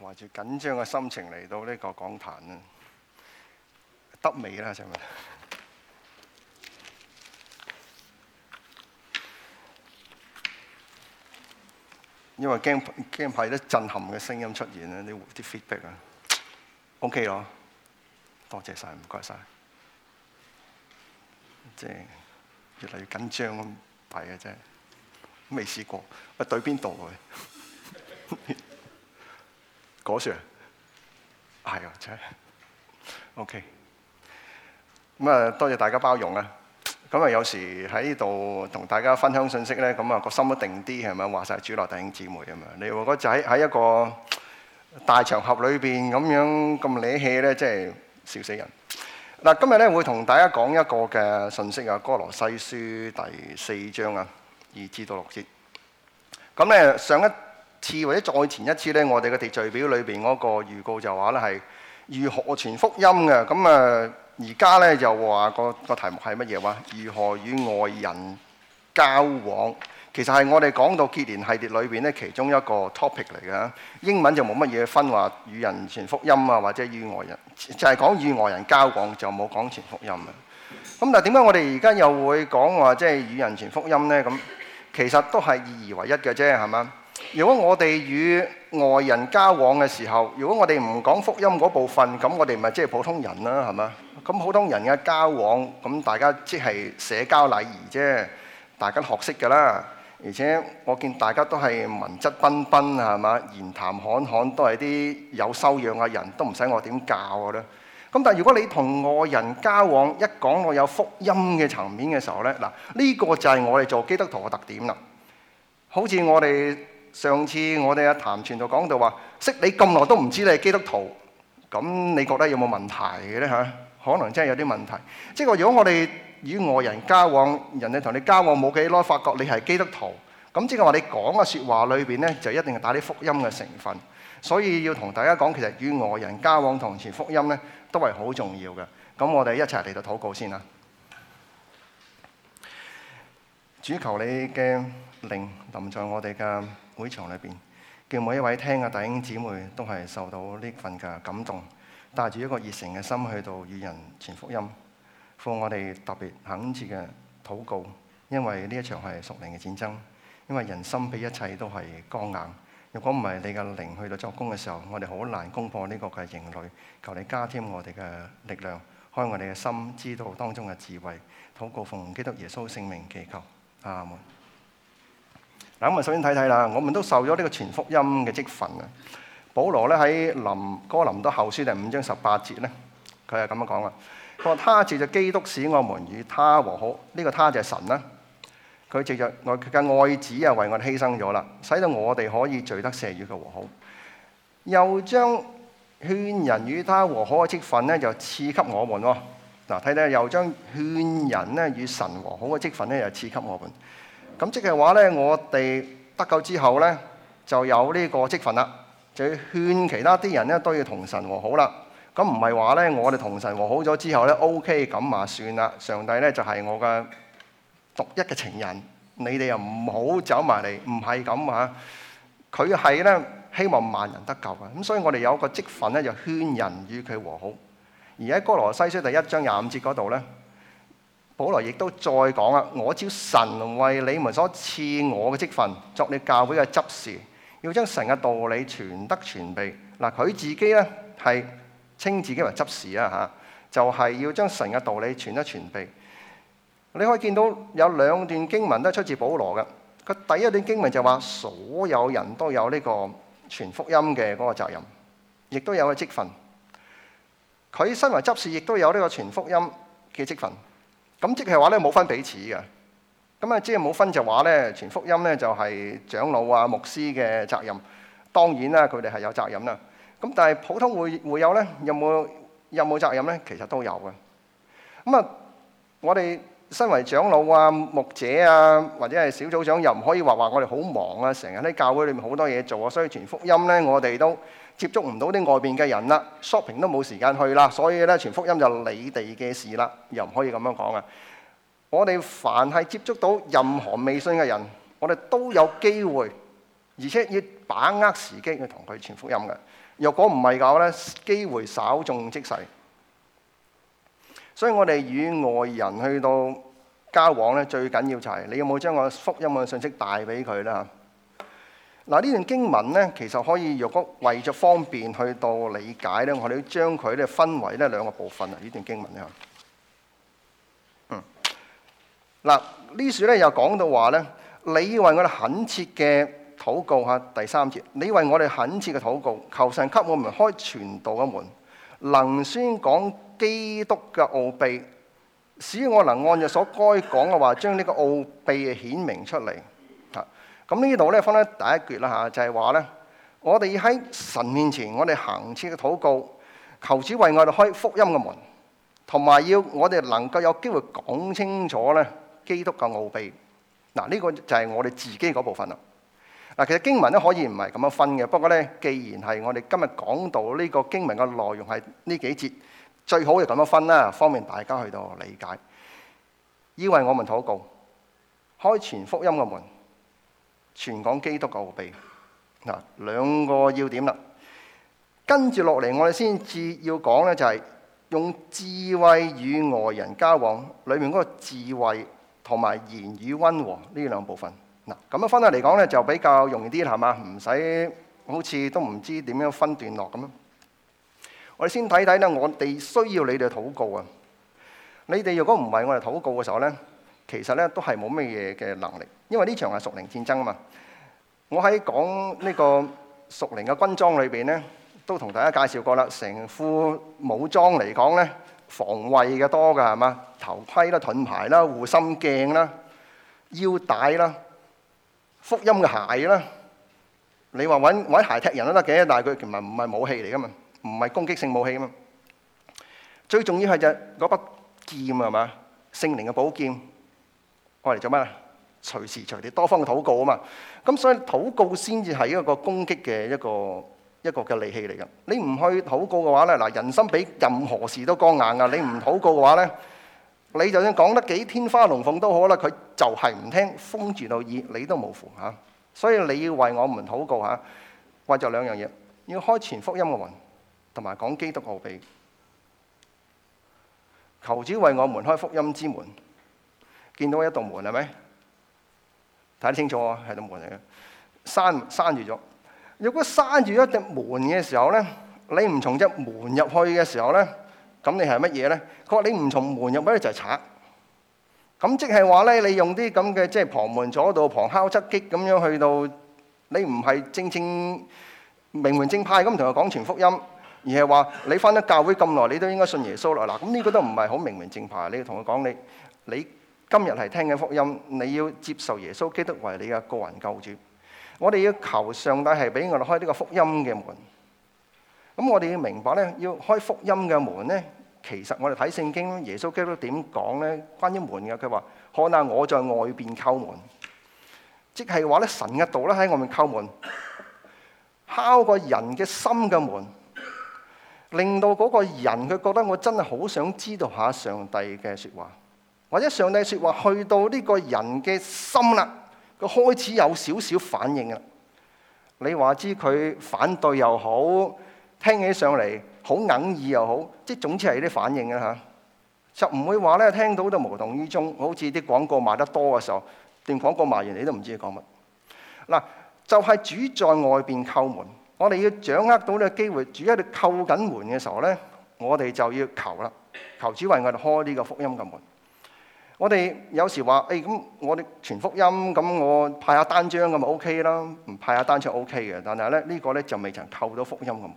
懷住緊張嘅心情嚟到呢個講壇啊，得未啦，請問，因為驚驚怕有啲震撼嘅聲音出現咧，啲啲 feedback 啊，OK 咯，多謝晒，唔該晒，即係越嚟越緊張咁嚟嘅啫，未試過，喂對邊度嚟？果樹係啊，真係 OK 咁啊，多謝大家包容啊，咁啊有時喺呢度同大家分享信息咧，咁啊個心一定啲係咪啊，話晒主內弟兄姊妹咁樣，你話嗰仔喺一個大場合裏邊咁樣咁理氣咧，即係笑死人嗱。今日咧會同大家講一個嘅信息啊，歌羅西書第四章啊二至到六節，咁咧上一次或者再前一次呢，我哋嘅秩序表裏邊嗰個預告就話呢，係如何傳福音嘅。咁啊，而、呃、家呢，就話個個題目係乜嘢話，如何與外人交往？其實，係我哋講到結連系列裏邊呢，其中一個 topic 嚟嘅。英文就冇乜嘢分話與人傳福音啊，或者與外人，就係、是、講與外人交往就冇講傳福音啊，咁但係點解我哋而家又會講話即係與人傳福音呢，咁其實都係二而為一嘅啫，係嘛？如果我哋與外人交往嘅時候，如果我哋唔講福音嗰部分，咁我哋咪即係普通人啦，係嘛？咁普通人嘅交往，咁大家即係社交禮儀啫，大家學識噶啦。而且我見大家都係文質彬彬啊，係嘛？言談侃侃都係啲有修養嘅人，都唔使我點教噶啦。咁但係如果你同外人交往一講我有福音嘅層面嘅時候呢，嗱、這、呢個就係我哋做基督徒嘅特點啦。好似我哋。上次我哋阿譚全就講到話，識你咁耐都唔知你係基督徒，咁你覺得有冇問題嘅咧吓？可能真係有啲問題。即係話，如果我哋與外人交往，人哋同你交往冇幾耐，發覺你係基督徒，咁即係話你講嘅說話裏邊咧，就一定係帶啲福音嘅成分。所以要同大家講，其實與外人交往同傳福音咧，都係好重要嘅。咁我哋一齊嚟到禱告先啦。主求你嘅靈臨在我哋嘅會場裏邊，叫每一位聽嘅弟兄姊妹都係受到呢份嘅感動，帶住一個熱誠嘅心去到與人傳福音。奉我哋特別懇切嘅禱告，因為呢一場係屬靈嘅戰爭，因為人心比一切都係剛硬。如果唔係你嘅靈去到作工嘅時候，我哋好難攻破呢個嘅營壘。求你加添我哋嘅力量，開我哋嘅心，知道當中嘅智慧。禱告奉基督耶穌聖名祈求，阿門。咁啊，首先睇睇啦，我們都受咗呢個全福音嘅職分啊！保羅咧喺林哥林多後書第五章十八節咧，佢係咁樣講啊：佢話他藉著基督使我們與他和好，呢、這個他就係神啦。佢藉著愛佢嘅愛子啊，為我哋犧牲咗啦，使到我哋可以罪得赦免，與佢嘅和好。又將勸人與他和好嘅職分咧，就賜給我們喎。嗱，睇睇又將勸人咧與神和好嘅職分咧，又賜給我們。咁即係話咧，我哋得救之後咧，就有呢個職分啦，就要勸其他啲人咧都要同神和好啦。咁唔係話咧，我哋同神和好咗之後咧，OK 咁嘛算啦。上帝咧就係我嘅獨一嘅情人，你們不要，你哋又唔好走埋嚟，唔係咁嚇。佢係咧希望萬人得救嘅。咁所以我哋有一個職分咧，就勸人與佢和好。而喺哥羅西書第一章廿五節嗰度咧。保羅亦都再講啦，我照神為你們所賜我嘅職分，作你教會嘅執事，要將神嘅道理傳得全備。嗱，佢自己咧係稱自己為執事啊，吓就係、是、要將神嘅道理傳得全備。你可以見到有兩段經文都出自保羅嘅。佢第一段經文就話，所有人都有呢個傳福音嘅嗰個責任，亦都有個職分。佢身為執事，亦都有呢個傳福音嘅職分。咁即係話咧，冇分彼此嘅。咁啊，即係冇分就話咧，傳福音咧就係長老啊、牧師嘅責任。當然啦，佢哋係有責任啦。咁但係普通會會友咧，有冇有冇責任咧？其實都有嘅。咁啊，我哋身為長老啊、牧者啊，或者係小組長，又唔可以話話我哋好忙啊，成日喺教會裏面好多嘢做啊，所以傳福音咧，我哋都，接觸唔到啲外邊嘅人啦，shopping 都冇時間去啦，所以咧傳福音就你哋嘅事啦，又唔可以咁樣講啊！我哋凡係接觸到任何未信嘅人，我哋都有機會，而且要把握時機去同佢傳福音嘅。若果唔係㗎咧，機會稍縱即逝。所以我哋與外人去到交往咧，最緊要就係你有冇將我福音嘅信息帶俾佢啦。嗱，呢段經文咧，其實可以若果為咗方便去到理解咧，我哋要將佢咧分為呢兩個部分啊！呢段經文咧，嗯，嗱呢處咧又講到話咧，你為我哋懇切嘅禱告嚇，第三節，你為我哋懇切嘅禱告，求神給我們開傳道嘅門，能宣講基督嘅奧秘，使我能按照所該講嘅話，將呢個奧秘啊顯明出嚟。咁呢度咧，分咧第一句啦嚇，就係話咧，我哋要喺神面前，我哋恆切嘅禱告，求主為我哋開福音嘅門，同埋要我哋能夠有機會講清楚咧，基督嘅奧秘嗱。呢個就係我哋自己嗰部分啦嗱。其實經文呢，可以唔係咁樣分嘅，不過咧，既然係我哋今日講到呢個經文嘅內容係呢幾節，最好就咁樣分啦，方便大家去到理解。要為我們禱告，開全福音嘅門。全港基督教嘅奧秘嗱，兩個要點啦。跟住落嚟，我哋先至要講咧，就係用智慧與外人交往裏面嗰個智慧同埋言語溫和呢兩部分嗱。咁樣，分開嚟講咧，就比較容易啲係嘛，唔使好似都唔知點樣分段落咁樣。我哋先睇睇咧，我哋需要你哋禱告啊！你哋如果唔為我哋禱告嘅時候咧。其實咧都係冇咩嘢嘅能力，因為呢場係屬靈戰爭啊嘛。我喺講呢個屬靈嘅軍裝裏邊咧，都同大家介紹過啦。成副武裝嚟講咧，防衞嘅多㗎係嘛？頭盔啦、盾牌啦、護心鏡啦、腰帶啦、福音嘅鞋啦。你話揾揾鞋踢人都得嘅，但係佢其實唔係武器嚟㗎嘛？唔係攻擊性武器㗎嘛？最重要係就嗰把劍係嘛？聖靈嘅寶劍。我嚟做咩咧？隨時隨地多方嘅禱告啊嘛，咁所以禱告先至係一個攻擊嘅一個一個嘅利器嚟噶。你唔去禱告嘅話咧，嗱，人心比任何事都剛硬噶。你唔禱告嘅話咧，你就算講得幾天花龍鳳都好啦，佢就係唔聽，封住到耳，你都冇符。嚇。所以你要為我們禱告嚇，為、啊、就兩樣嘢，要開全福音嘅門，同埋講基督奧秘。求主為我們開福音之門。見到一道門係咪睇得清楚啊？係道門嚟嘅，閂閂住咗。如果閂住一隻門嘅時候咧，你唔從一門入去嘅時候咧，咁你係乜嘢咧？佢話你唔從門入，去，乜就係賊。咁即係話咧，你用啲咁嘅即係旁門左道，旁敲側擊咁樣去到你唔係正正名門正派咁同佢講全福音，而係話你翻咗教會咁耐，你都應該信耶穌啦。嗱，咁呢個都唔係好名門正派。你同佢講你你。你今日係聽嘅福音，你要接受耶穌基督為你嘅個人救主。我哋要求上帝係俾我哋開呢個福音嘅門。咁我哋要明白咧，要開福音嘅門咧，其實我哋睇聖經耶穌基督點講咧，關於門嘅，佢話看下我在外邊叩門，即係話咧神嘅道咧喺外面叩門，敲個人嘅心嘅門，令到嗰個人佢覺得我真係好想知道下上帝嘅說話。或者上帝説話去到呢個人嘅心啦，佢開始有少少反應啦。你話知佢反對又好，聽起上嚟好哽耳又好，即係總之係有啲反應嘅嚇，就唔會話咧聽到都無動於衷。好似啲廣告賣得多嘅時候，段廣告賣完你都唔知佢講乜嗱。就係、是、主在外邊叩門，我哋要掌握到呢個機會。主喺度叩緊門嘅時候咧，我哋就要求啦，求主為我哋開呢個福音嘅門。我哋有時話，誒、哎、咁，我哋傳福音，咁我派下單張咁咪 O K 啦，唔派下單張 O K 嘅。但係咧，呢、這個咧就未曾叩到福音嘅門。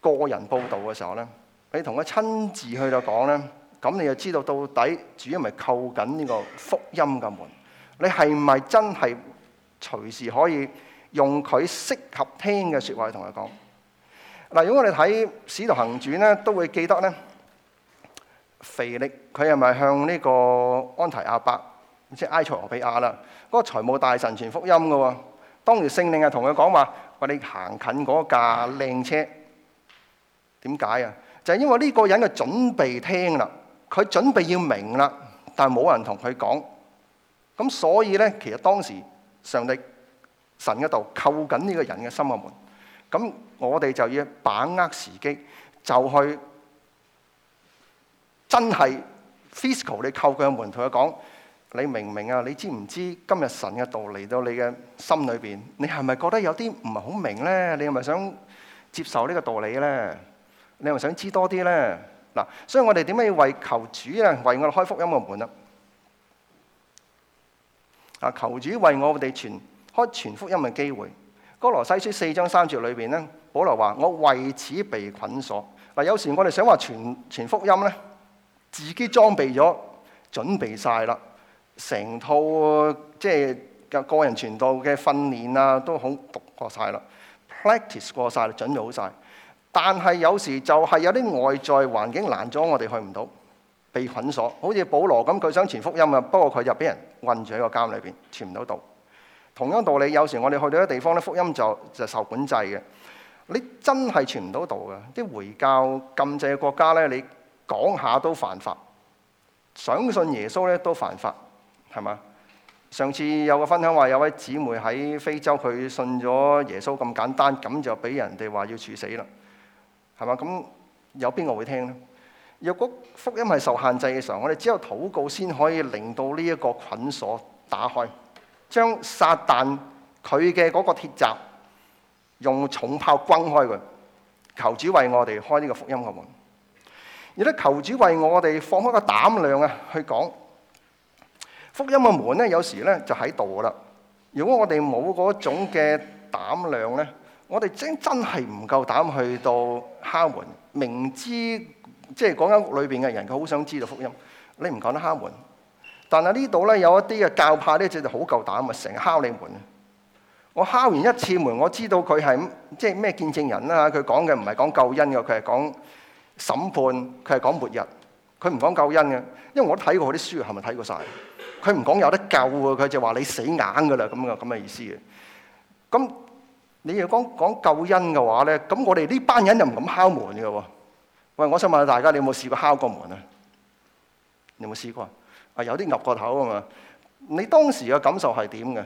個人佈道嘅時候咧，你同佢親自去到講咧，咁你就知道到底主要咪叩緊呢個福音嘅門。你係咪真係隨時可以用佢適合聽嘅説話去同佢講？嗱，如果我哋睇《使徒行傳》咧，都會記得咧。腓力佢係咪向呢個安提阿伯，即係埃塞俄比亞啦。嗰個財務大臣傳福音嘅喎，當時聖靈係同佢講話：話，哎，你行近嗰架靚車。點解啊？就係因為呢個人嘅準備聽啦，佢準備要明啦，但係冇人同佢講。咁所以咧，其實當時上帝神嘅道扣緊呢個人嘅心嘅門。咁我哋就要把握時機，就去。真係 physical 你叩佢嘅門，同佢講：你明唔明啊？你知唔知今日神嘅道嚟到你嘅心裏邊？你係咪覺得有啲唔係好明呢？你係咪想接受呢個道理呢？你係咪想知多啲呢？嗱，所以我哋點解要為求主啊？為我哋開福音嘅門啦！啊，求主為我哋傳開傳福音嘅機會。哥羅西書四章三節裏面呢，保羅話：我為此被捆鎖。嗱，有時我哋想話傳,傳福音呢。自己裝備咗，準備晒啦，成套即係個人傳道嘅訓練啊，都好讀過晒啦，practice 過晒，啦，準備好晒。但係有時就係有啲外在環境難咗，我哋去唔到，被捆鎖。好似保羅咁，佢想傳福音啊，不過佢就俾人困住喺個監裏邊，傳唔到道。同樣道理，有時我哋去到一地方咧，福音就就受管制嘅。你真係傳唔到道噶，啲回教禁制嘅國家咧，你。講下都犯法，相信耶穌咧都犯法，係嘛？上次有個分享話，有位姊妹喺非洲，佢信咗耶穌咁簡單，咁就俾人哋話要處死啦，係嘛？咁有邊個會聽呢？若果福音係受限制嘅時候，我哋只有禱告先可以令到呢一個捆鎖打開，將撒旦佢嘅嗰個鐵閘用重炮轟開佢，求主為我哋開呢個福音嘅門。而咧，求主為我哋放開個膽量啊，去講福音嘅門咧，有時咧就喺度噶啦。如果我哋冇嗰種嘅膽量咧，我哋真真係唔夠膽去到敲門。明知即係嗰間屋裏面嘅人佢好想知道福音，你唔講得敲門。但係呢度咧有一啲嘅教派咧，就係好夠膽啊，成日敲你門啊！我敲完一次門，我知道佢係即係咩見證人啊，佢講嘅唔係講救恩嘅，佢係講。審判，佢係講末日，佢唔講救恩嘅，因為我睇過佢啲書，係咪睇過晒？佢唔講有得救啊，佢就話你死硬噶啦咁嘅咁嘅意思嘅。咁你要講講救恩嘅話咧，咁我哋呢班人又唔敢敲門嘅喎。喂，我想問下大家，你有冇試過敲過門啊？你有冇試過啊？有啲岌過頭啊嘛。你當時嘅感受係點嘅？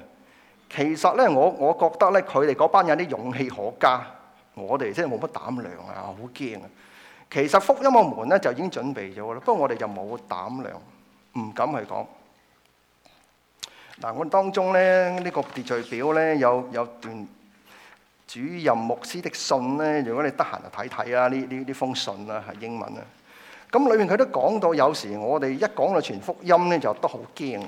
其實咧，我我覺得咧，佢哋嗰班人啲勇氣可嘉，我哋真係冇乜膽量啊，好驚啊！其實福音嘅門咧就已經準備咗啦，不過我哋又冇膽量，唔敢去講。嗱，我當中咧呢個秩序表咧有有段主任牧師的信咧，如果你得閒就睇睇啊，呢呢呢封信啊係英文啊。咁裏面佢都講到，有時我哋一講到傳福音咧，就都好驚，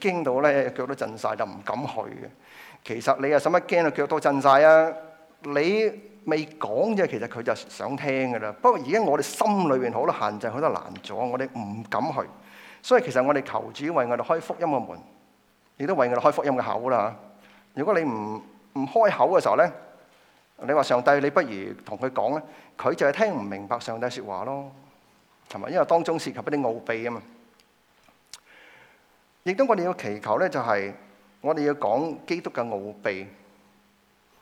驚到咧腳都震曬，就唔敢去嘅。其實你又使乜驚到腳都震曬啊？你？未講啫，其實佢就想聽噶啦。不過而家我哋心裏邊好多限制，好多難阻，我哋唔敢去。所以其實我哋求主為我哋開福音嘅門，亦都為我哋開福音嘅口啦吓。如果你唔唔開口嘅時候咧，你話上帝，你不如同佢講咧，佢就係聽唔明白上帝說話咯，係嘛？因為當中涉及一啲奧秘啊嘛。亦都我哋要祈求咧，就係我哋要講基督嘅奧秘。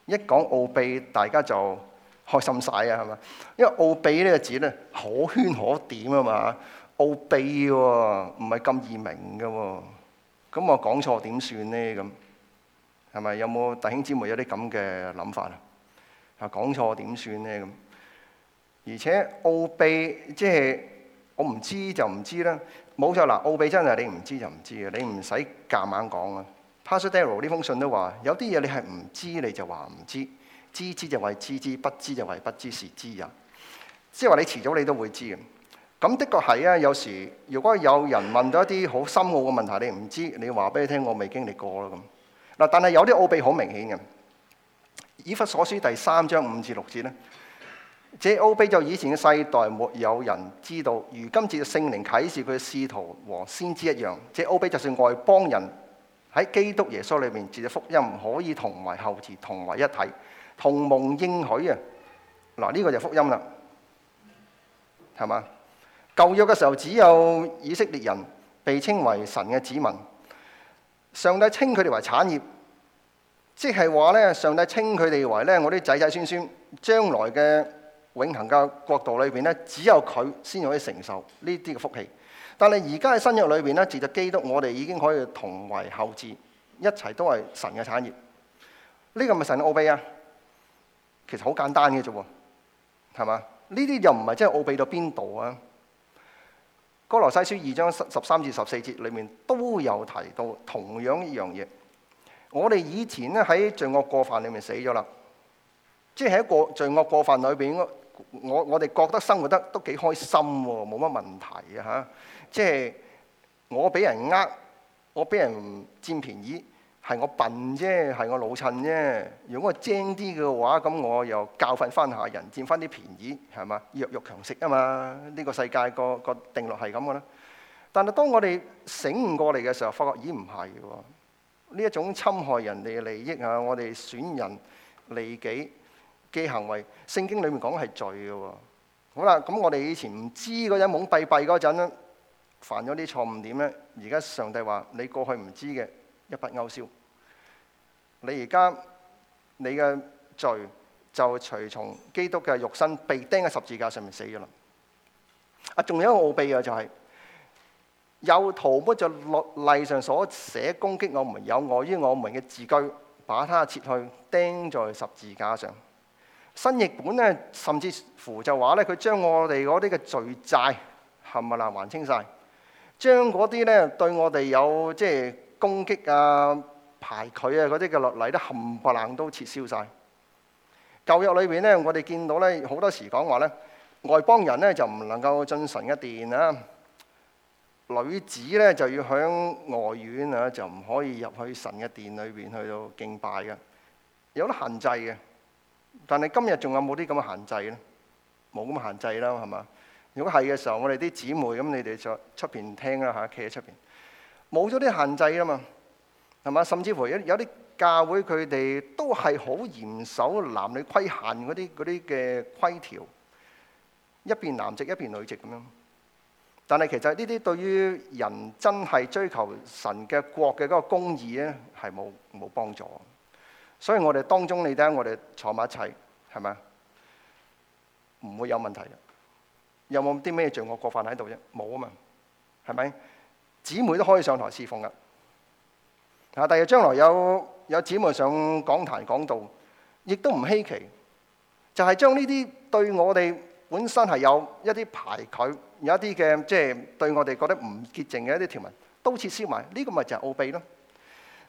一講奧秘，大家就開心曬啊，係嘛？因為奧秘呢個字咧可圈可點啊嘛，奧秘喎，唔係咁易明嘅喎，咁我講錯點算咧？咁係咪有冇弟兄姊妹有啲咁嘅諗法啊？啊，講錯點算咧？咁而且奧秘即係我唔知就唔知啦，冇錯嗱，奧秘真係你唔知就唔知嘅，你唔使夾硬講啊。帕沙呢封信都話：有啲嘢你係唔知，你就話唔知；知之就為知之，不知就為不知是知也。即係話你遲早你都會知嘅。咁的確係啊。有時如果有人問到一啲好深奧嘅問題，你唔知，你話俾佢聽，我未經歷過咯咁。嗱，但係有啲奧秘好明顯嘅。以弗所書第三章五至六節呢，這奧秘就以前嘅世代沒有人知道，如今至聖靈啟示佢嘅使徒和先知一樣。這奧秘就算外邦人。喺基督耶穌裏面，藉着福音，可以同埋後嗣同為一體，同蒙應許啊！嗱，呢個就係福音啦，係嘛？舊約嘅時候，只有以色列人被稱為神嘅子民，上帝稱佢哋為產業，即係話呢，上帝稱佢哋為呢，我啲仔仔孫孫將來嘅永恒嘅國度裏邊呢，只有佢先可以承受呢啲嘅福氣。但係而家嘅新約裏邊咧，藉着基督，我哋已經可以同為後嗣，一切都係神嘅產業。呢、這個係咪神嘅奧秘啊？其實好簡單嘅啫喎，係嘛？呢啲又唔係真係奧秘到邊度啊？哥羅西書二章十十三至十四節裏面都有提到同樣一樣嘢。我哋以前咧喺罪惡過犯裏面死咗啦，即係喺過罪惡過犯裏邊。我我哋覺得生活得都幾開心喎，冇乜問題啊，嚇。即係我俾人呃，我俾人佔便宜，係我笨啫，係我老襯啫。如果我精啲嘅話，咁我又教訓翻下人，佔翻啲便宜係嘛？弱肉強食啊嘛，呢個世界個個定律係咁嘅啦。但係當我哋醒悟過嚟嘅時候，發覺咦，唔係喎。呢一種侵害人哋利益啊，我哋損人利己嘅行為，聖經裏面講係罪嘅。好啦，咁我哋以前唔知嗰陣懵閉閉嗰陣，犯咗啲錯誤點咧？而家上帝話：你過去唔知嘅一筆勾銷，你而家你嘅罪就隨從基督嘅肉身被釘喺十字架上面死咗啦。啊，仲有一個奧秘啊，就係又塗抹了在律例上所寫攻擊我們、有礙於我們嘅字據，把它撤去釘在十字架上。新譯本咧，甚至乎就話咧，佢將我哋嗰啲嘅罪債冚唪唥還清晒，將嗰啲咧對我哋有即係攻擊啊、排拒啊嗰啲嘅落嚟都冚唪唥都撤銷晒。舊約裏邊咧，我哋見到咧好多時講話咧，外邦人咧就唔能夠進神一殿啦，女子咧就要響外院啊，就唔可以入去神嘅殿裏邊去到敬拜嘅，有得限制嘅。但係今日仲有冇啲咁嘅限制咧？冇咁嘅限制啦，係嘛？如果係嘅時候，我哋啲姊妹咁，你哋就出邊聽啦嚇，企喺出邊，冇咗啲限制啊嘛，係嘛？甚至乎有有啲教會佢哋都係好嚴守男女規限嗰啲嗰啲嘅規條，一邊男席一邊女席咁樣。但係其實呢啲對於人真係追求神嘅國嘅嗰個公義咧，係冇冇幫助。所以我哋當中，你睇下我哋坐埋一齊，係咪啊？唔會有問題嘅。有冇啲咩罪惡過犯喺度啫？冇啊嘛，係咪？姊妹都可以上台侍奉㗎。嗱，但係將來有有姊妹上講壇講道，亦都唔稀奇。就係將呢啲對我哋本身係有一啲排拒，有一啲嘅即係對我哋覺得唔潔淨嘅一啲條文都撤銷埋，呢、這個咪就係奧秘咯。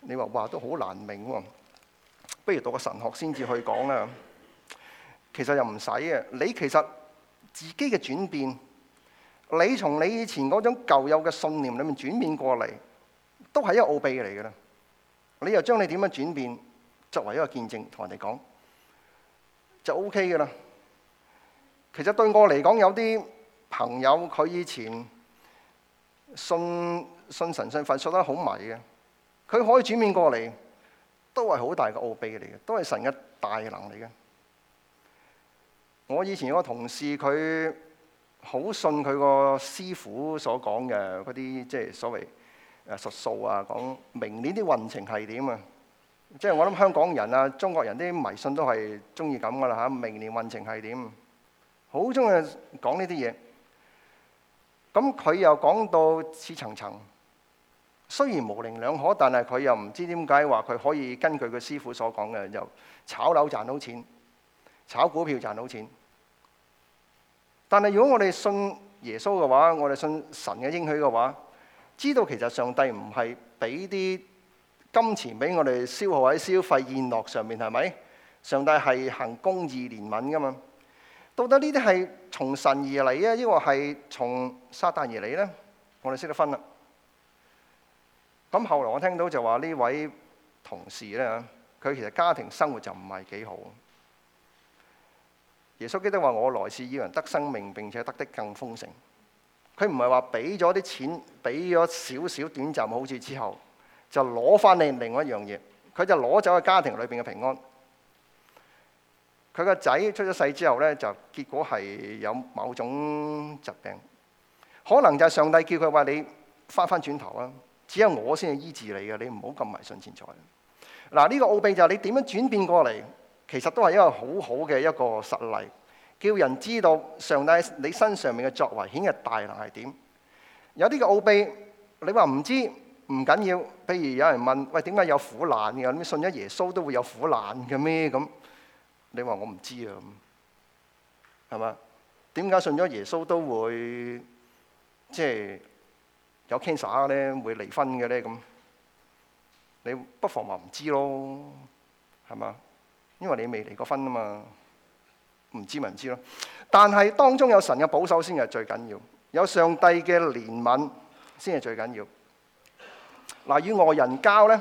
你話哇，都好難明喎、啊。不如讀個神學先至去講啦。其實又唔使嘅，你其實自己嘅轉變，你從你以前嗰種舊有嘅信念裡面轉變過嚟，都係一個奧秘嚟嘅啦。你又將你點樣轉變作為一個見證，同人哋講就 OK 嘅啦。其實對我嚟講，有啲朋友佢以前信信神信佛信得好迷嘅，佢可以轉變過嚟。都係好大嘅奧秘嚟嘅，都係神嘅大能嚟嘅。我以前有個同事，佢好信佢個師傅所講嘅嗰啲，即係所謂誒術數啊，講明年啲運程係點啊？即係我諗香港人啊，中國人啲迷信都係中意咁噶啦嚇，明年運程係點？好中意講呢啲嘢。咁佢又講到似層層。雖然模棱兩可，但係佢又唔知點解話佢可以根據佢師傅所講嘅，就炒樓賺到錢，炒股票賺到錢。但係如果我哋信耶穌嘅話，我哋信神嘅應許嘅話，知道其實上帝唔係俾啲金錢俾我哋消耗喺消費宴樂上面，係咪？上帝係行公義憐憫噶嘛？到底呢啲係從神而嚟啊，抑或係從撒旦而嚟呢？我哋識得分啦。咁後來我聽到就話呢位同事呢，佢其實家庭生活就唔係幾好。耶穌基督話：我來是要人得生命，並且得的更豐盛。佢唔係話俾咗啲錢，俾咗少少短暫好處之後，就攞返你另外一樣嘢。佢就攞走咗家庭裏面嘅平安。佢個仔出咗世之後呢，就結果係有某種疾病，可能就係上帝叫佢話你返返轉頭啦。只有我先係醫治你嘅，你唔好咁迷信錢財。嗱，呢個奧秘就係你點樣轉變過嚟，其實都係一個好好嘅一個實例，叫人知道上帝你身上面嘅作為顯嘅大能係點。有啲嘅奧秘，你話唔知，唔緊要。譬如有人問：喂，點解有苦難嘅？你信咗耶穌都會有苦難嘅咩？咁你話我唔知啊？咁係嘛？點解信咗耶穌都會即係，有 cancer 咧，會離婚嘅咧，咁你不妨話唔知咯，係嘛？因為你未離過婚啊嘛，唔知咪唔知咯。但係當中有神嘅保守先係最緊要，有上帝嘅憐憫先係最緊要。嗱，與外人交咧，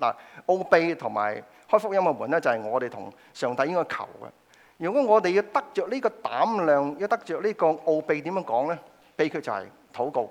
嗱，奧秘同埋開福音嘅門咧，就係我哋同上帝應該求嘅。如果我哋要得著呢個膽量，要得著呢個奧秘，點樣講咧？秘訣就係禱告。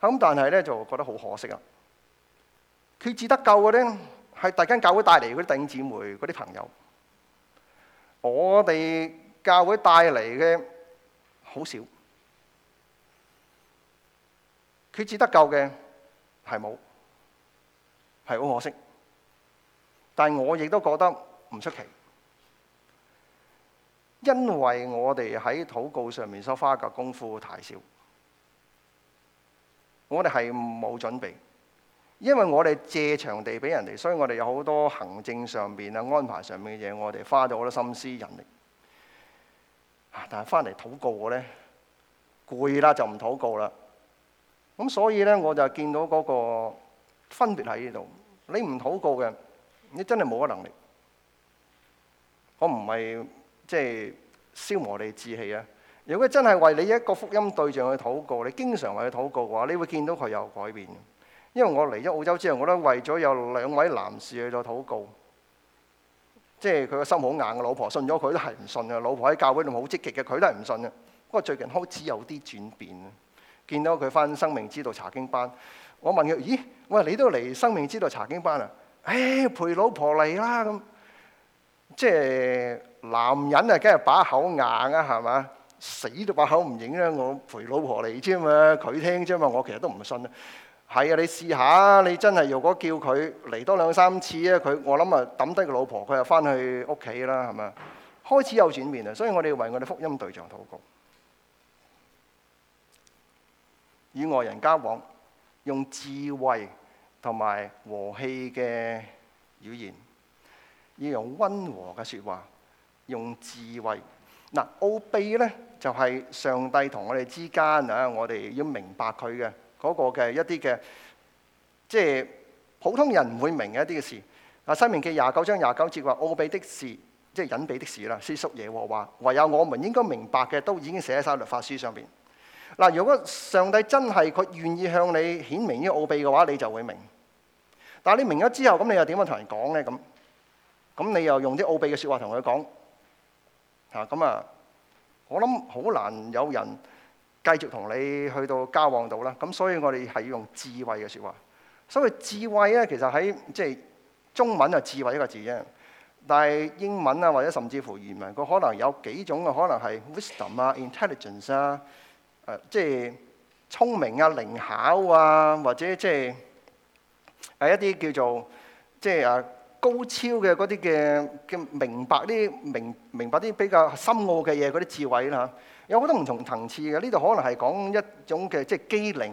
咁但係咧就覺得好可惜啊！決志得救的咧係大間教會帶嚟嗰啲弟兄姊妹嗰啲朋友，我哋教會帶嚟嘅好少，決志得救嘅係冇，係好可惜。但我亦都覺得唔出奇，因為我哋喺禱告上面所花嘅功夫太少。我哋係冇準備，因為我哋借場地俾人哋，所以我哋有好多行政上面啊、安排上面嘅嘢，我哋花咗好多心思人力。但係返嚟禱告嘅咧，攰啦就唔禱告啦。咁所以咧，我就見到嗰個分別喺呢度。你唔禱告嘅，你真係冇乜能力。我唔係即係消磨你志氣啊！如果真係為你一個福音對象去禱告，你經常為佢禱告嘅話，你會見到佢有改變。因為我嚟咗澳洲之後，我都為咗有兩位男士去度禱告，即係佢個心好硬。個老婆信咗佢都係唔信嘅，老婆喺教會度好積極嘅，佢都係唔信嘅。不過最近開始有啲轉變，見到佢返生命之道查經班，我問佢：咦，喂，你都嚟生命之道查經班啊？誒、哎，陪老婆嚟啦咁。即係男人啊，梗係把口硬啊，係嘛？死都把口唔認咧，我陪老婆嚟啫嘛，佢聽啫嘛，我其實都唔信。係啊，你試下，你真係如果叫佢嚟多兩三次咧，佢我諗啊抌低個老婆，佢又翻去屋企啦，係咪啊？開始有轉變啊，所以我哋要為我哋福音對象禱告，與外人交往用智慧同埋和氣嘅語言，要用溫和嘅說話，用智慧。嗱，奧秘咧就係、是、上帝同我哋之間啊，我哋要明白佢嘅嗰個嘅一啲嘅，即係普通人唔會明嘅一啲嘅事。啊，申命記廿九章廿九節話奧秘的事，即係隱秘的事啦，是屬耶和華。唯有我們應該明白嘅，都已經寫喺曬律法書上邊。嗱，如果上帝真係佢願意向你顯明呢個奧秘嘅話，你就會明。但係你明咗之後，咁你又點樣同人講咧？咁，咁你又用啲奧秘嘅説話同佢講？嚇咁啊！我諗好難有人繼續同你去到交往到啦。咁所以我哋係要用智慧嘅説話。所謂智慧咧，其實喺即係中文就智慧一個字啫。但係英文啊，或者甚至乎原文，佢可能有幾種啊，可能係 wisdom 啊、intelligence 啊，誒、啊、即係聰明啊、靈巧啊，或者即係係一啲叫做即係啊。高超嘅嗰啲嘅嘅明白啲明明白啲比較深奧嘅嘢嗰啲智慧啦嚇，有好多唔同層次嘅。呢度可能係講一種嘅即係機靈，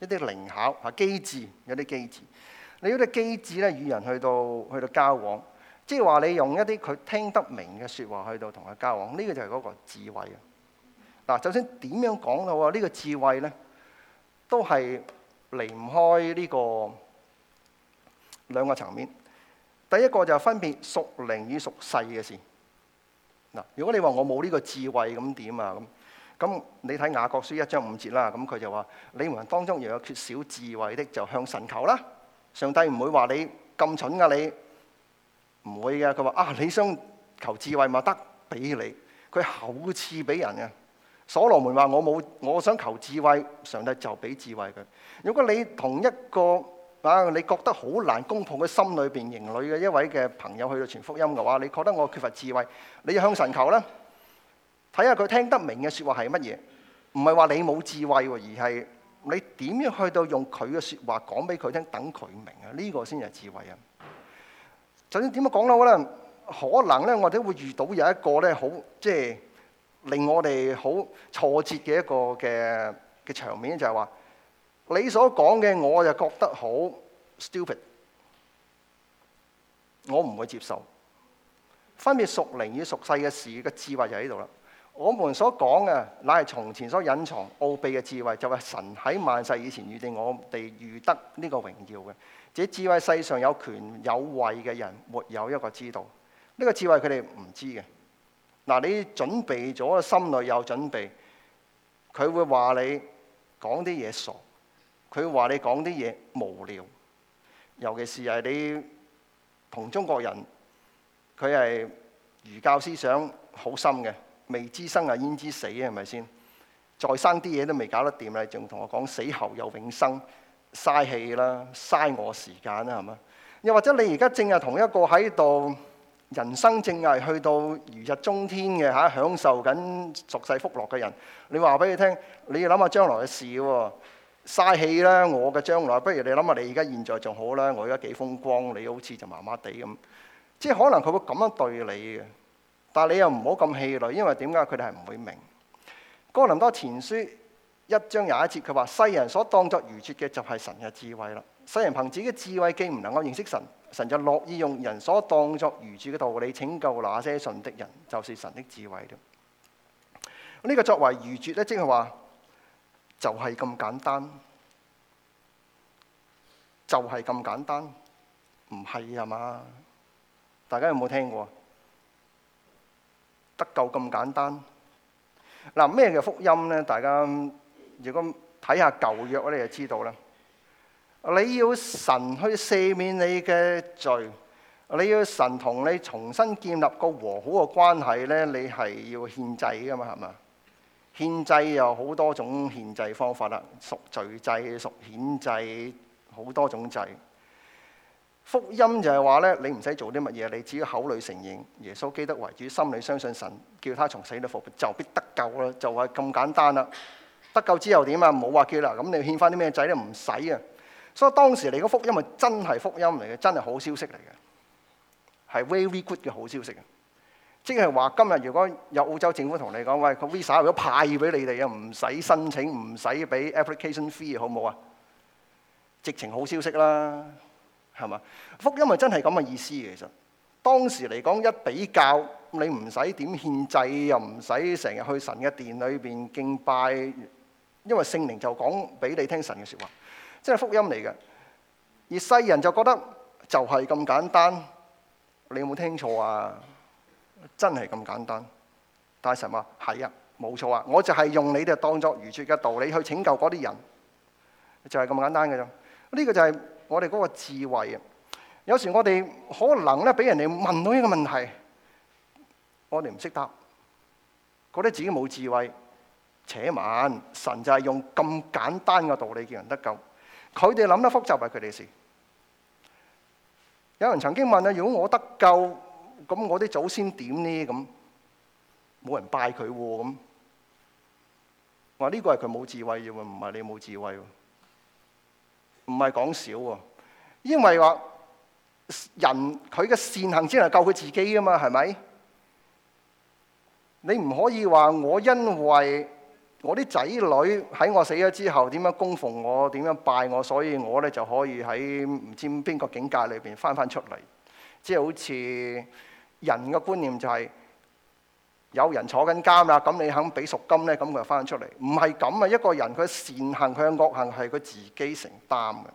一啲靈巧嚇機智，有啲機智。你嗰啲機智咧，與人去到去到交往，即係話你用一啲佢聽得明嘅説話去到同佢交往，呢個就係嗰個智慧啊。嗱，就算點樣講啦啊？呢個智慧咧都係離唔開呢個兩個層面。第一個就分別屬靈與屬世嘅事。嗱，如果你話我冇呢個智慧咁點啊？咁咁你睇雅各書一章五節啦。咁佢就話：你們當中若有缺少智慧的，就向神求啦。上帝唔會話你咁蠢㗎，啊，你唔會嘅。佢話：啊，你想求智慧嘛？得，俾你。佢厚賜俾人嘅。所羅門話：我冇，我想求智慧，上帝就俾智慧佢。如果你同一個啊！你覺得好難攻破佢心裏邊營裏嘅一位嘅朋友去到傳福音嘅話，你覺得我缺乏智慧，你要向神求啦，睇下佢聽得明嘅説話係乜嘢？唔係話你冇智慧喎，而係你點樣去到用佢嘅説話講俾佢聽，等佢明啊？呢個先係智慧啊！就算點樣講啦，我覺得可能咧，我哋會遇到有一個咧，好即係令我哋好挫折嘅一個嘅嘅場面，就係話。你所講嘅，我就覺得好 stupid，我唔會接受。分別屬靈與屬世嘅事嘅智慧就喺度啦。我們所講嘅，乃係從前所隱藏、奧秘嘅智慧，就係、是、神喺萬世以前預定我哋得呢個榮耀嘅。這智慧世上有權有位嘅人沒有一個知道，呢、這個智慧佢哋唔知嘅。嗱，你準備咗，心裏有準備，佢會話你講啲嘢傻。佢話你講啲嘢無聊，尤其是係你同中國人，佢係儒教思想好深嘅，未知生啊，焉知死啊，係咪先？在生啲嘢都未搞得掂啦，仲同我講死後又永生，嘥氣啦，嘥我時間啦，係嘛？又或者你而家正係同一個喺度人生正係去到如日中天嘅嚇，享受緊俗世福樂嘅人，你話俾佢聽，你要諗下將來嘅事喎。嘥氣啦！我嘅將來不如你諗下，你而家現在仲好啦，我而家幾風光，你好似就麻麻地咁。即係可能佢會咁樣對你嘅，但係你又唔好咁氣餒，因為點解？佢哋係唔會明。《哥林多前書》一章廿一節佢話：世人所當作愚拙嘅，就係神嘅智慧啦。世人憑自己嘅智慧既唔能夠認識神，神就樂意用人所當作愚拙嘅道理拯救那些信的人，就是神的智慧咯。呢、這個作為愚拙咧，即係話。就係咁簡單，就係咁簡單，唔係呀嘛？大家有冇聽過？得救咁簡單嗱？咩嘅福音咧？大家如果睇下舊約咧，你就知道啦。你要神去赦免你嘅罪，你要神同你重新建立個和好嘅關係咧，你係要獻祭噶嘛？係嘛？獻祭有好多種獻祭方法啦，贖罪祭、贖愆祭，好多種祭。福音就係話咧，你唔使做啲乜嘢，你只要口裏承認耶穌基督為主，心裏相信神，叫他從死到復就必得救啦，就係咁簡單啦。得救之後點啊？唔好話叫啦，咁你獻翻啲咩祭咧？唔使啊。所以當時你嗰福音咪真係福音嚟嘅，真係好消息嚟嘅，係 very good 嘅好消息嘅。即係話今日如果有澳洲政府同你講，喂，個 visa 如果派俾你哋啊，唔使申請，唔使俾 application fee，好冇啊？直情好消息啦，係嘛？福音咪真係咁嘅意思其實。當時嚟講一比較，你唔使點獻祭，又唔使成日去神嘅殿裏邊敬拜，因為聖靈就講俾你聽神嘅説話，即係福音嚟嘅。而世人就覺得就係咁簡單，你有冇聽錯啊？真係咁簡單，大神話係啊，冇錯啊，我就係用你哋當作愚拙嘅道理去拯救嗰啲人，就係、是、咁簡單嘅啫。呢、這個就係我哋嗰個智慧啊。有時我哋可能咧俾人哋問到呢個問題，我哋唔識答，覺得自己冇智慧，且慢，神就係用咁簡單嘅道理叫人得救，佢哋諗得複雜係佢哋事。有人曾經問啊：如果我得救？咁我啲祖先點呢？咁冇人拜佢喎。咁話呢個係佢冇智慧啫，唔係你冇智慧。唔係講少喎，因為話人佢嘅善行只能夠救佢自己啊嘛，係咪？你唔可以話我因為我啲仔女喺我死咗之後點樣供奉我、點樣拜我，所以我咧就可以喺唔知邊個境界裏邊翻翻出嚟，即係好似。人嘅觀念就係有人坐緊監啦，咁你肯俾贖金咧，咁佢就翻出嚟。唔係咁啊，一個人佢善行佢嘅惡行係佢自己承擔嘅。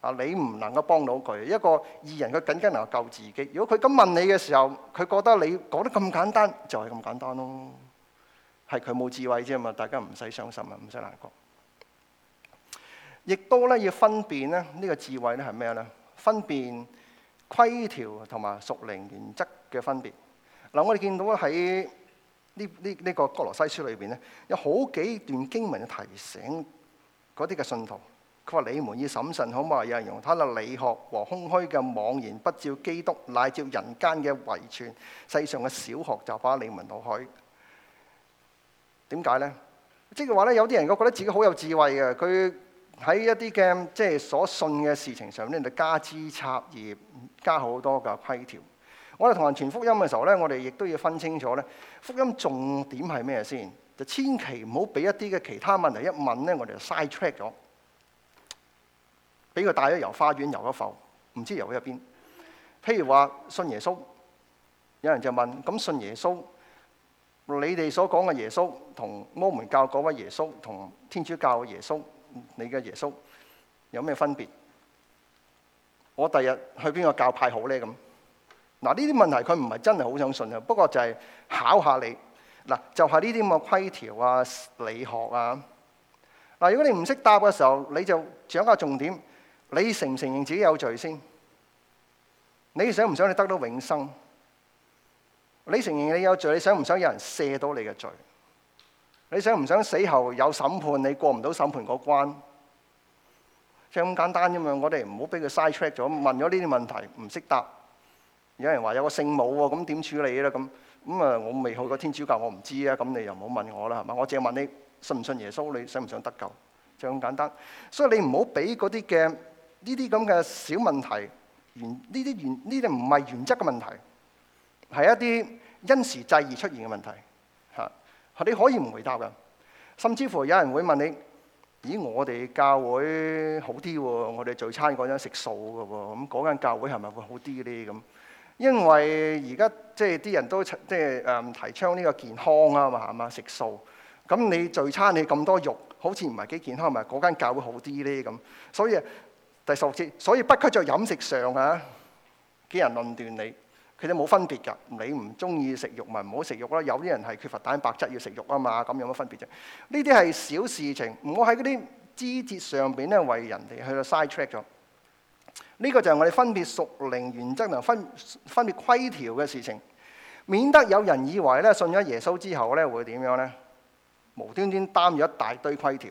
啊，你唔能夠幫到佢，一個義人佢僅僅能夠救自己。如果佢咁問你嘅時候，佢覺得你講得咁簡單，就係、是、咁簡單咯。係佢冇智慧啫嘛，大家唔使傷心啊，唔使難過。亦都咧要分辨咧呢、這個智慧咧係咩咧？分辨。規條同埋屬靈原則嘅分別嗱，我哋見到喺呢呢呢個《哥羅西書》裏邊咧，有好幾段經文嘅提醒嗰啲嘅信徒。佢話：你們要審慎，好，唔好以有人用他嘅理學和空虛嘅妄言，不照基督，乃照人間嘅遺傳、世上嘅小學，就把你們導去？點解咧？即係話咧，有啲人我覺得自己好有智慧嘅，佢。喺一啲嘅即係所信嘅事情上邊咧，你就加枝插葉，加好多嘅規條。我哋同人傳福音嘅時候咧，我哋亦都要分清楚咧，福音重點係咩先？就千祈唔好俾一啲嘅其他問題一問咧，我哋就 side track 咗，俾佢帶咗遊花園、遊一浮，唔知遊咗邊。譬如話信耶穌，有人就問：咁信耶穌，你哋所講嘅耶穌同摩門教嗰位耶穌同天主教嘅耶穌？你嘅耶穌有咩分別？我第日去邊個教派好呢？咁嗱，呢啲問題，佢唔係真係好想信啊，不過就係考下你嗱，就係呢啲咁嘅規條啊、理學啊嗱。如果你唔識答嘅時候，你就掌握重點。你承唔承認自己有罪先？你想唔想你得到永生？你承認你有罪，你想唔想有人赦到你嘅罪？你想唔想死後有審判？你過唔到審判嗰關，即係咁簡單啫嘛。我哋唔好俾佢 side track 咗，問咗呢啲問題唔識答。有人話有個聖母喎，咁點處理咧？咁咁啊，我未去過天主教，我唔知啊。咁你又唔好問我啦，係嘛？我淨係問你信唔信耶穌，你想唔想得救，就咁簡單。所以你唔好俾嗰啲嘅呢啲咁嘅小問題原呢啲原呢啲唔係原則嘅問題，係一啲因時制而出現嘅問題嚇。你可以唔回答嘅，甚至乎有人會問你：咦，我哋教會好啲喎，我哋聚餐嗰陣食素嘅喎，咁嗰間教會係咪會好啲咧？咁，因為而家即係啲人都即係誒提倡呢個健康啊嘛，係嘛，食素。咁你聚餐你咁多肉，好似唔係幾健康，係咪嗰間教會好啲咧？咁，所以第十六節，所以不拘在飲食上啊，幾人論斷你。其實冇分別噶，你唔中意食肉咪唔好食肉啦。有啲人係缺乏蛋白質要食肉啊嘛，咁有乜分別啫？呢啲係小事情，唔好喺嗰啲枝節上邊咧為人哋去個 side track 咗。呢個就係我哋分別屬靈原則同分分別規條嘅事情，免得有人以為咧信咗耶穌之後咧會點樣咧？無端端擔咗一大堆規條，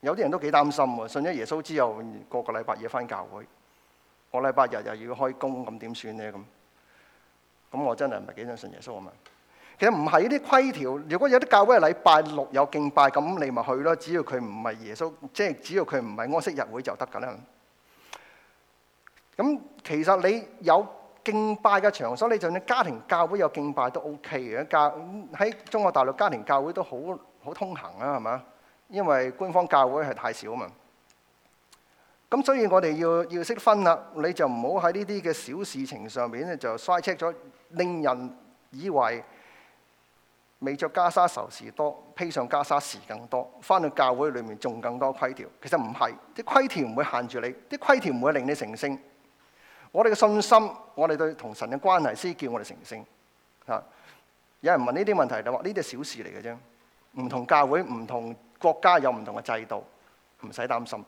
有啲人都幾擔心喎。信咗耶穌之後，個個禮拜要翻教會。我禮拜日又要開工，咁點算呢？咁咁我真係唔係幾相信耶穌啊嘛？其實唔係呢啲規條，如果有啲教會禮拜六有敬拜，咁你咪去咯。只要佢唔係耶穌，即係只要佢唔係安息日會就得㗎啦。咁其實你有敬拜嘅場所，你就算家庭教會有敬拜都 OK 嘅。教喺中國大陸家庭教會都好好通行啦，係嘛？因為官方教會係太少啊嘛。咁所以我哋要要識分啦，你就唔好喺呢啲嘅小事情上面咧就嘥 check 咗，令人以為未着袈裟愁事多，披上袈裟事更多。返到教會裏面仲更多規條，其實唔係，啲規條唔會限住你，啲規條唔會令你成聖。我哋嘅信心，我哋對同神嘅關係先叫我哋成聖。啊，有人問呢啲問題就話呢啲係小事嚟嘅啫，唔同教會、唔同國家有唔同嘅制度，唔使擔心。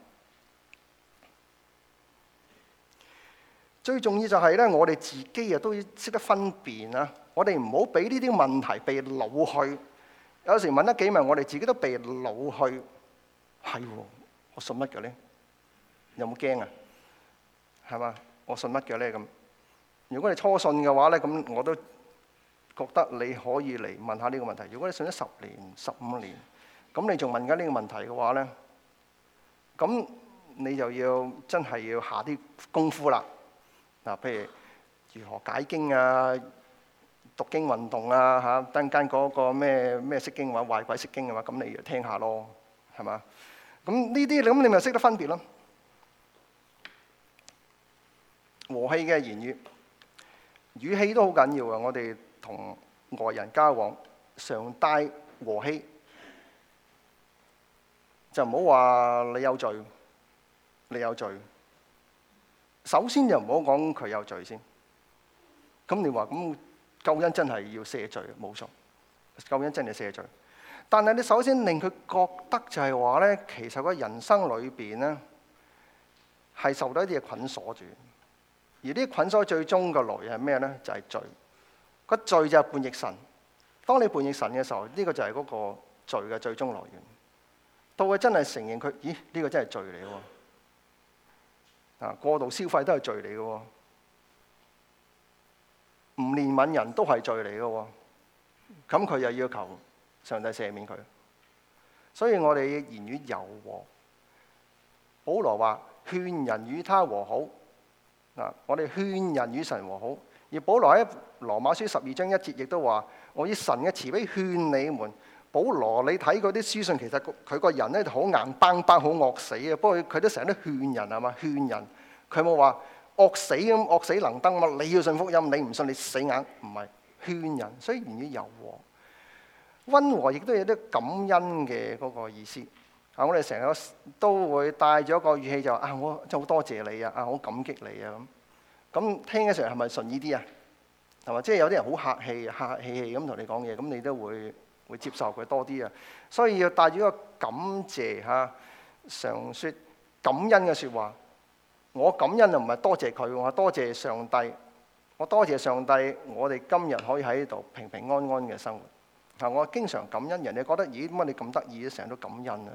最重要就係咧，我哋自己啊都要識得分辨啊！我哋唔好俾呢啲問題被老去。有時問得幾問，我哋自己都被老去。係喎，我信乜嘅咧？有冇驚啊？係嘛？我信乜嘅咧？咁，如果你初信嘅話咧，咁我都覺得你可以嚟問下呢個問題。如果你信咗十年、十五年，咁你仲問緊呢個問題嘅話咧，咁你就要真係要下啲功夫啦。嗱，譬如如何解經啊、讀經運動啊嚇，跟跟嗰個咩咩釋經嘅、啊、話，壞鬼釋經嘅、啊、話，咁你就聽下咯，係嘛？咁呢啲咁你咪識得分別咯。和氣嘅言語，語氣都好緊要啊！我哋同外人交往，常帶和氣，就唔好話你有罪，你有罪。首先就唔好講佢有罪先，咁你話咁救恩真係要赦罪啊，冇錯，救恩真係赦罪。但係你首先令佢覺得就係話咧，其實個人生裏邊咧係受到一啲嘅捆鎖住，而呢捆鎖最終嘅來源係咩咧？就係罪。個罪就係叛逆神。當你叛逆神嘅時候，呢個就係嗰個罪嘅最終來源。到佢真係承認佢，咦？呢個真係罪嚟喎。啊！過度消費都係罪嚟嘅喎，唔憐憫人都係罪嚟嘅喎，咁佢又要求上帝赦免佢，所以我哋言語柔和保羅說。保羅話：勸人與他和好。嗱，我哋勸人與神和好。而保羅喺羅馬書十二章一節亦都話：我以神嘅慈悲勸你們。保羅，你睇嗰啲書信，其實佢個人咧好硬梆梆，好惡死啊！不過佢都成日都勸人係嘛，勸人。佢冇話惡死咁惡死能登嘛？你要信福音，你唔信你死硬，唔係勸人，所以言語柔和、溫和，亦都有啲感恩嘅嗰個意思。啊，我哋成日都會帶咗個語氣就啊，我真係好多謝你啊，啊好感激你啊咁。咁聽嘅時候係咪順耳啲啊？係嘛，即係有啲人好客氣，客氣氣咁同你講嘢，咁你都會。會接受佢多啲啊，所以要帶住一個感謝吓，常説感恩嘅説話。我感恩就唔係多謝佢，我多謝上帝，我多謝上帝，我哋今日可以喺度平平安安嘅生活。啊，我經常感恩人哋覺得咦，乜你咁得意咧？成日都感恩啦。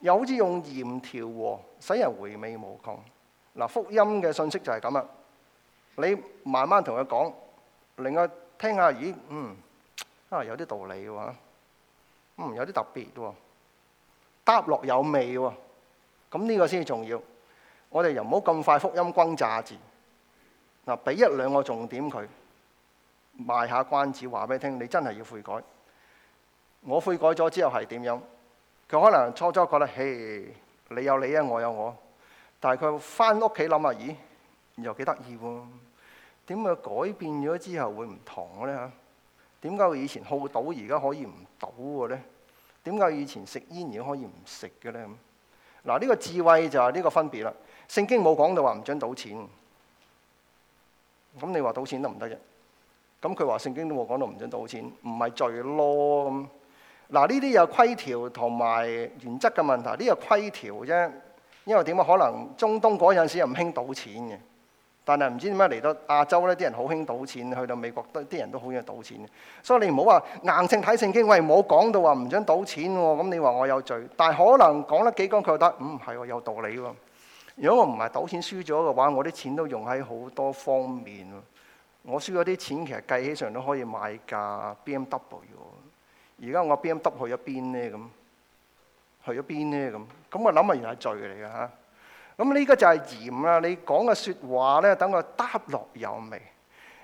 又好似用鹽調和，使人回味無窮。嗱，福音嘅信息就係咁啦。你慢慢同佢講，令佢聽下，咦，嗯。啊，有啲道理嘅、啊、話，嗯，有啲特別喎、啊，答落有味喎、啊，咁呢個先至重要。我哋又唔好咁快福音轟炸住，嗱、啊，俾一兩個重點佢，賣一下關子，話俾你聽，你真係要悔改。我悔改咗之後係點樣？佢可能初初覺得，嘿，你有你啊，我有我，但係佢返屋企諗下，咦，又幾得意喎？點解改變咗之後會唔同咧？吓？點解佢以前好賭而家可以唔賭嘅咧？點解以前食煙而家可以唔食嘅咧？嗱，呢個智慧就係呢個分別啦。聖經冇講到話唔准賭錢，咁你話賭錢得唔得啫？咁佢話聖經都冇講到唔准賭錢，唔係罪咯。咁嗱，呢啲又規條同埋原則嘅問題，呢個規條啫。因為點解可能中東嗰陣時又唔興賭錢嘅。但係唔知點解嚟到亞洲咧，啲人好興賭錢，去到美國都啲人都好興賭錢。所以你唔好話硬性睇聖經，喂，我冇講到話唔準賭錢喎，咁你話我有罪？但係可能講得幾講佢覺得，嗯，係喎，有道理喎。如果我唔係賭錢輸咗嘅話，我啲錢都用喺好多方面喎。我輸咗啲錢其實計起上都可以買架 BMW 喎。而家我 BMW 去咗邊呢？咁去咗邊呢？咁咁我諗咪原係罪嚟嘅。嚇？咁呢個就係鹽啦！你講嘅說話咧，等佢得落有味。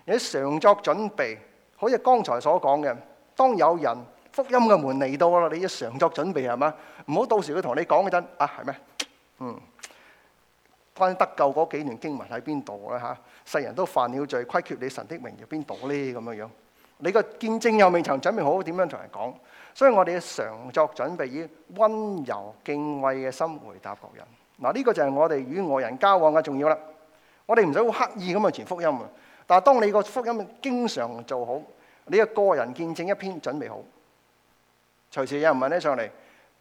你常作準備，好似剛才所講嘅，當有人福音嘅門嚟到啦，你要常作準備係嗎？唔好到時佢同你講嗰陣，啊係咩？嗯，關於得救嗰幾段經文喺邊度咧？嚇，世人都犯了罪，虧缺你神的榮耀邊度咧？咁樣樣，你個見證又未曾準備好，點樣同人講？所以我哋要常作準備，以溫柔敬畏嘅心回答各人。嗱，呢個就係我哋與外人交往嘅重要啦。我哋唔使好刻意咁去傳福音啊。但係當你個福音經常做好，你嘅個人見證一篇準備好，隨時有人問你上嚟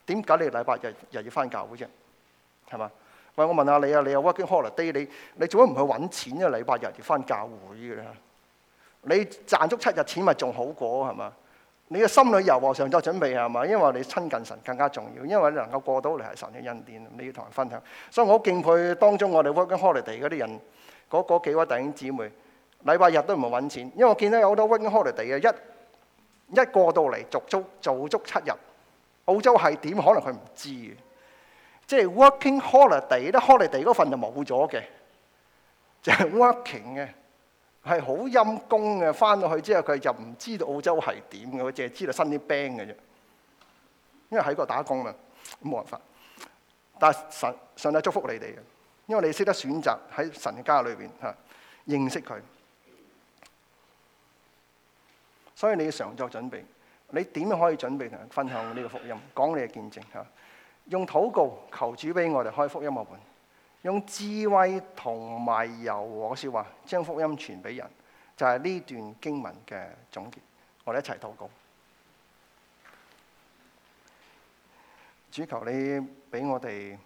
點解你禮拜日又要返教會啫？係嘛？喂，我問下你啊，你有 working holiday？你你做乜唔去揾錢啊？禮拜日要返教會嘅，你賺足七日錢咪仲好過係嘛？是你嘅心裏由何上作準備係嘛？因為你親近神更加重要，因為你能夠過到嚟係神嘅恩典，你要同人分享。所以我好敬佩當中我哋 working holiday 嗰啲人，嗰嗰幾位弟兄姊妹，禮拜日都唔係揾錢，因為我見到有好多 working holiday 嘅一一過到嚟，足足足七日。澳洲係點？可能佢唔知嘅，即係 working holiday 咧，holiday 嗰份就冇咗嘅，就係 working 嘅。係好陰功嘅，翻到去之後佢又唔知道澳洲係點嘅，佢淨係知道新啲冰嘅啫。因為喺嗰打工嘛，冇辦法。但係神上帝祝福你哋嘅，因為你識得選擇喺神嘅家裏邊吓認識佢，所以你要常作準備。你點樣可以準備同人分享呢個福音，講你嘅見證吓？用禱告求主俾我哋開福音幕門。用智慧同埋柔和說話，將福音傳俾人，就係呢段經文嘅總結。我哋一齊禱告，主求你俾我哋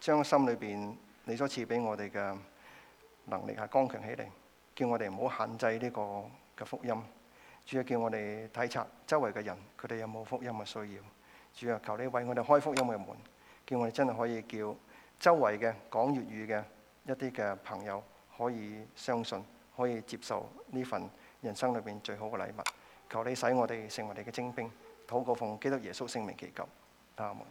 將心裏邊你所賜俾我哋嘅能力係剛強起嚟，叫我哋唔好限制呢個嘅福音。主啊，叫我哋體察周圍嘅人，佢哋有冇福音嘅需要。主啊，求你為我哋開福音嘅門，叫我哋真係可以叫。周圍嘅講粵語嘅一啲嘅朋友可以相信，可以接受呢份人生裏邊最好嘅禮物。求你使我哋成為你嘅精兵，禱告奉基督耶穌聖名祈求，阿門。